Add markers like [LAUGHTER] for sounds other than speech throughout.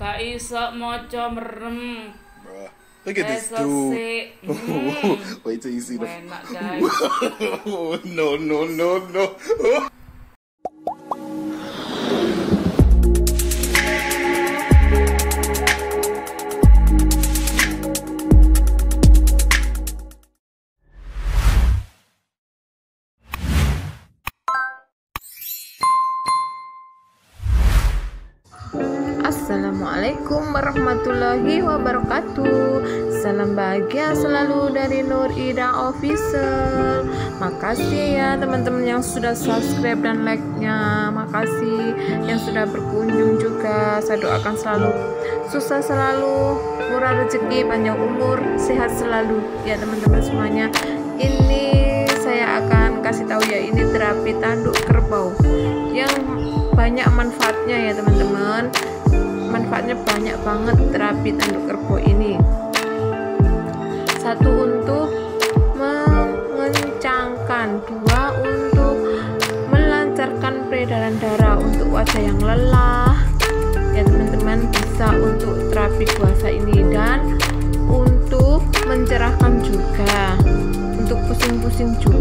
Gak iso maca merem. Bruh. Look at this dude. [LAUGHS] Hmm. Wait till you see the. guys. [LAUGHS] no, no, no, no. [LAUGHS] Assalamualaikum warahmatullahi wabarakatuh Salam bahagia selalu dari Nur Ida Official Makasih ya teman-teman yang sudah subscribe dan like-nya Makasih yang sudah berkunjung juga Saya doakan selalu susah selalu Murah rezeki, panjang umur, sehat selalu Ya teman-teman semuanya Ini saya akan kasih tahu ya ini terapi tanduk kerbau Yang banyak manfaatnya ya teman-teman manfaatnya banyak banget terapi tanduk kerbau ini satu untuk mengencangkan dua untuk melancarkan peredaran darah untuk wajah yang lelah ya teman-teman bisa untuk terapi puasa ini dan untuk mencerahkan juga untuk pusing-pusing juga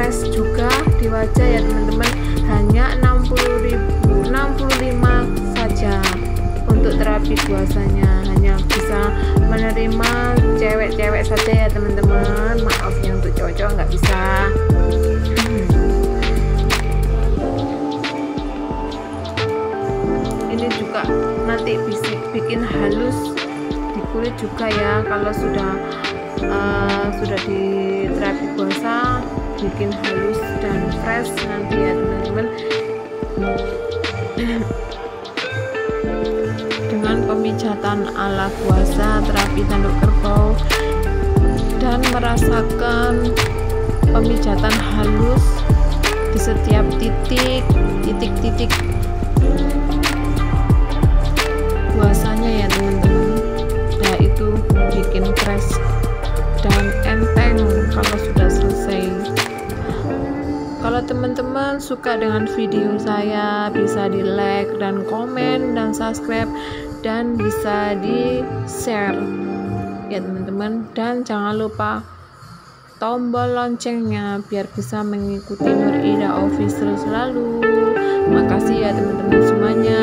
fresh juga di wajah ya teman-teman hanya 60.000 65 saja untuk terapi puasanya hanya bisa menerima cewek-cewek saja ya teman-teman maaf yang untuk cowok-cowok nggak bisa ini juga nanti bisa bikin halus di kulit juga ya kalau sudah sudah di terapi basah bikin halus dan fresh nanti ya teman-teman dengan pemijatan ala puasa terapi tanduk kerbau dan merasakan pemijatan halus di setiap titik titik-titik Kalau teman-teman suka dengan video saya, bisa di like dan komen dan subscribe dan bisa di share ya teman-teman dan jangan lupa tombol loncengnya biar bisa mengikuti Nur Ida Official selalu makasih ya teman-teman semuanya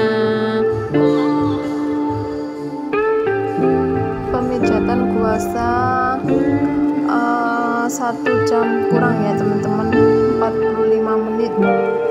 pemijatan kuasa uh, satu jam kurang ya teman-teman 45 menit